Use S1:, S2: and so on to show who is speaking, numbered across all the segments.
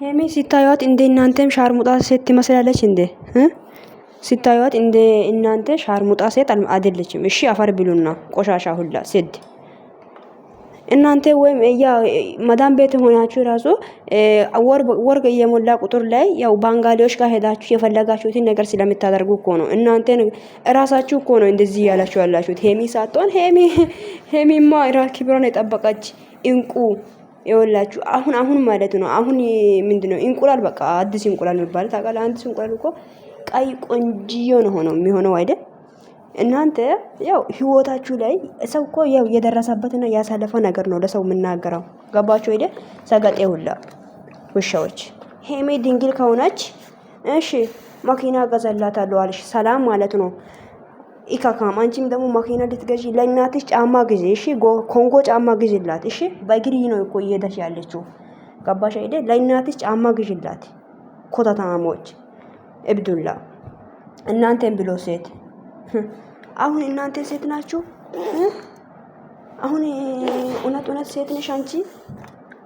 S1: ሄሚ ሲታዩት እንደ እናንተም ሻርሙጣ ሴት ትመስላለች። እንደ ሲታዩት እንደ እናንተ ሻርሙጣ ሴት አይደለችም። እሺ አፈር ብሉና ቆሻሻ ሁላ ሴት እናንተ ወይም ያ መዳም ቤት ሆናችሁ ራሱ ወርቅ እየሞላ ቁጥር ላይ ያው ባንጋሊዎች ጋር ሄዳችሁ የፈለጋችሁትን ነገር ስለምታደርጉ እኮ ነው። እናንተ ራሳችሁ እኮ ነው እንደዚህ ያላችሁ ያላችሁት። ሄሚ ሳትሆን ሄሚ ሄሚማ ራ ክብሯን የጠበቀች እንቁ ይወላችሁ አሁን አሁን ማለት ነው። አሁን ምንድነው እንቁላል በቃ አዲስ እንቁላል የሚባለው ታውቃለህ። አዲስ እንቁላል እኮ ቀይ ቆንጅዮ ነው ሆኖ የሚሆነው አይደል? እናንተ ያው ህይወታችሁ ላይ ሰው እኮ ያው የደረሰበትና ያሳለፈው ነገር ነው ለሰው የምናገረው። ገባችሁ አይደል? ሰገጤ ሁላ ውሻዎች ሄሜ ድንግል ከሆነች እሺ መኪና ገዛላታለሁ አልሽ ሰላም ማለት ነው። ኢካካም አንቺም ደግሞ መኪና ልትገዢ ለእናትሽ ጫማ ግዢ። እሺ ኮንጎ ጫማ ግዢላት። እሺ በእግሪ ነው እኮ እየሄደች ያለችው። ገባሽ አይደ? ለእናትሽ ጫማ ግዢላት። ኮተታሞች እብዱላ እናንተን ብሎ ሴት አሁን እናንተ ሴት ናችሁ። አሁን እውነት እውነት ሴት ነሽ አንቺ።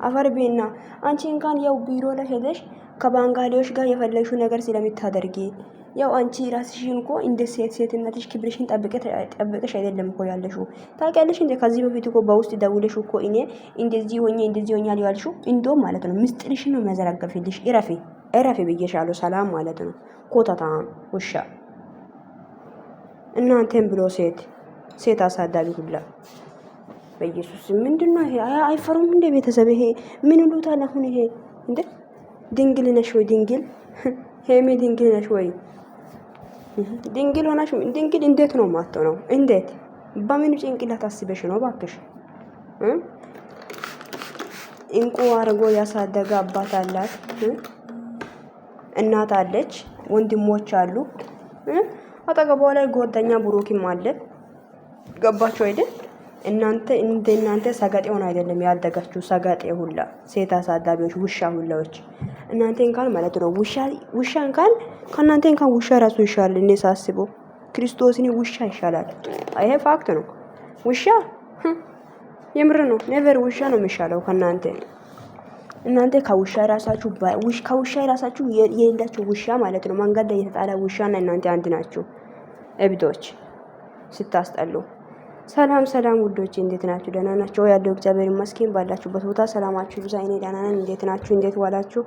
S1: አፈር ቤና አንቺ እንኳን ያው ቢሮ ላይ ከባንጋሌዎች ጋር የፈለግሽው ነገር ስለምታደርጊ ያው አንቺ ራስሽን እኮ እንደ ሴት ሴትነትሽ ክብርሽን ጠብቀሽ አይደለም እኮ ያለሽው። ታውቂያለሽ እንደ ከዚህ በፊት እኮ በውስጥ ደውለሽ እኮ እኔ እንደዚህ ሆኜ እንደዚህ ሆኛል ያልሽው እንዶ ማለት ነው ምስጢርሽን ነው የሚያዘረገፍልሽ። እረፊ እረፊ ብዬሻለሁ። ሰላም ማለት ነው ኮተታም ውሻ እናንተን ብሎ ሴት ሴት አሳዳቢ ሁላ በኢየሱስ ምንድን ነው ይሄ? አይፈሩም እንደ ቤተሰብ ይሄ ምን ይሉታል አሁን ይሄ እንደ ድንግል ነሽ ወይ ድንግል ሄሜ ድንግል ነሽ ወይ ድንግል ሆናሽ ድንግል እንዴት ነው ማተው ነው? እንዴት በምኑ ጭንቅላት አስበሽ ነው? ባክሽ እንቁ አድርጎ ያሳደገ አባት አላት፣ እናት አለች፣ ወንድሞች አሉ፣ አጠገቧ ላይ ጓደኛ ብሩክም አለ። ገባችሁ አይደል? እናንተ እንደ እናንተ ሰገጤ ሆነ አይደለም ያደጋችሁ። ሰገጤ ሁላ ሴት አሳዳቢዎች፣ ውሻ ሁላዎች እናንተ እንኳን ማለት ነው ውሻ ውሻ እንኳን ከእናንተ እንኳን ውሻ ራሱ ይሻላል። እኔ ሳስበው ክርስቶስን ውሻ ይሻላል። ይሄ ፋክት ነው። ውሻ የምር ነው። ኔቨር ውሻ ነው የሚሻለው ከእናንተ እናንተ ከውሻ ራሳችሁ ውሽ ከውሻ ራሳችሁ የሌላችሁ ውሻ ማለት ነው። መንገድ ላይ የተጣለ ውሻና እናንተ አንድ ናችሁ። እብዶች ስታስጠሉ። ሰላም ሰላም ውዶች፣ እንዴት ናችሁ? ደህና ናቸው ያለው እግዚአብሔር ይመስገን። ባላችሁበት ቦታ ሰላማችሁ ይብዛ። እኔ ደህና ነኝ። እንዴት ናችሁ? እንዴት ዋላችሁ?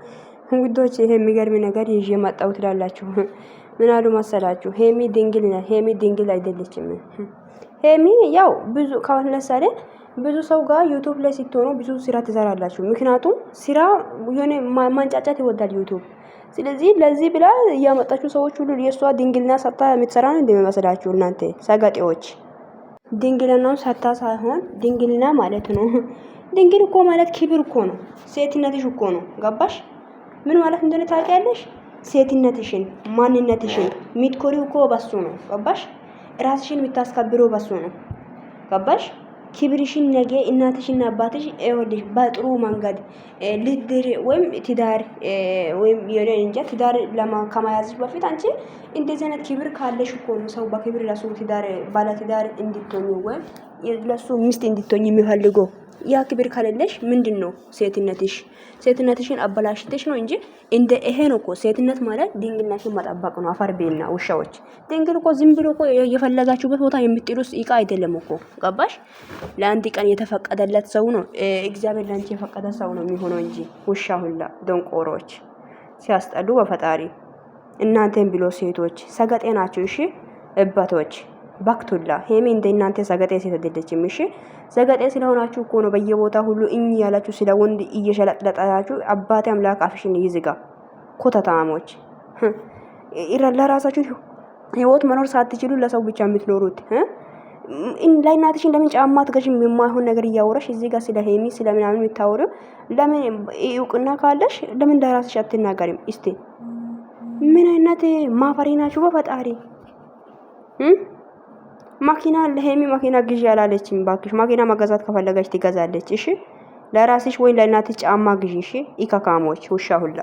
S1: እንግዶች ይሄ የሚገርም ነገር ይዤ መጣሁ ትላላችሁ። ምን አሉ መሰላችሁ? ሄሚ ድንግል ነ ሄሚ ድንግል አይደለችም። ሄሚ ያው ብዙ ካሁን ለምሳሌ ብዙ ሰው ጋር ዩቱብ ላይ ስትሆኑ ብዙ ስራ ትሰራላችሁ። ምክንያቱም ስራ የሆነ ማንጫጫት ይወዳል ዩቱብ። ስለዚህ ለዚህ ብላ እያመጣችሁ ሰዎች ሁሉ የእሷ ድንግልና ሰታ የምትሰራ ነው እንደሚመስላችሁ እናንተ ሰጋጤዎች። ድንግልናውን ሰታ ሳይሆን ድንግልና ማለት ነው። ድንግል እኮ ማለት ክብር እኮ ነው። ሴትነትሽ እኮ ነው። ገባሽ? ምን ማለት እንደሆነ ታውቂያለሽ? ሴትነትሽን፣ ማንነትሽን የምትኮሪው እኮ በሱ ነው። ገባሽ? ራስሽን የምታስከብረው በሱ ነው። ገባሽ? ክብርሽን ነገ እናትሽና አባትሽ ይወድሽ በጥሩ መንገድ ልድር ወይም ትዳር ወይም የሆነ እንጃ ትዳር ከመያዝሽ በፊት አንቺ እንደዚህ አይነት ክብር ካለሽ እኮ ነው ሰው በክብር ለሱ ትዳር ባለ ትዳር እንድትሆኝ ወይም ለሱ ሚስት እንድትሆኝ የሚፈልገው። ያ ክብር ከሌለሽ ምንድን ነው ሴትነትሽ? ሴትነትሽን አበላሽተሽ ነው እንጂ እንደ ይሄ ነው እኮ ሴትነት ማለት ድንግልናሽን መጠበቅ ነው። አፈር ቤና ውሻዎች ድንግል እኮ ዝም ብሎ እኮ የፈለጋችሁበት ቦታ የምትጥሉስ እቃ አይደለም እኮ ገባሽ? ለአንድ ቀን የተፈቀደለት ሰው ነው እግዚአብሔር ለአንቺ የፈቀደ ሰው ነው የሚሆነው እንጂ ውሻ ሁላ ደንቆሮች ሲያስጠሉ በፈጣሪ እናንተን ብሎ ሴቶች ሰገጤ ናቸው። እሺ እባቶች ባክቱላ ሄሜ እንደ እናንተ ሰገጤ ሴት አይደለችም። እሺ ሰገጤ ስለሆናችሁ እኮ ነው በየቦታ ሁሉ እኝ ያላችሁ ስለ ወንድ እየሸለጠጣችሁ። አባቴ አምላክ አፍሽን ይዝጋ። ኮተታሞች ለራሳችሁ ህይወት መኖር ሳትችሉ ለሰው ብቻ የምትኖሩት ለእናትሽን ለምን ጫማ አትገዥም? የማይሆን ነገር እያወራሽ እዚህ ጋር ስለ ሄሚ ስለ ስለምናምን የምታወሩ ለምን እውቅና ካለሽ ለምን ለራስሽ አትናገሪም? እስቲ ምን አይነት ማፈሪ ናችሁ በፈጣሪ መኪና ለሄሚ ማኪና ግዢ ያላለችም፣ ባክሽ ማኪና መገዛት ከፈለገች ትገዛለች። እሺ ለራስሽ ወይ ለእናትሽ ጫማ ግዢ። እሺ ኢካካሞች ውሻ ሁላ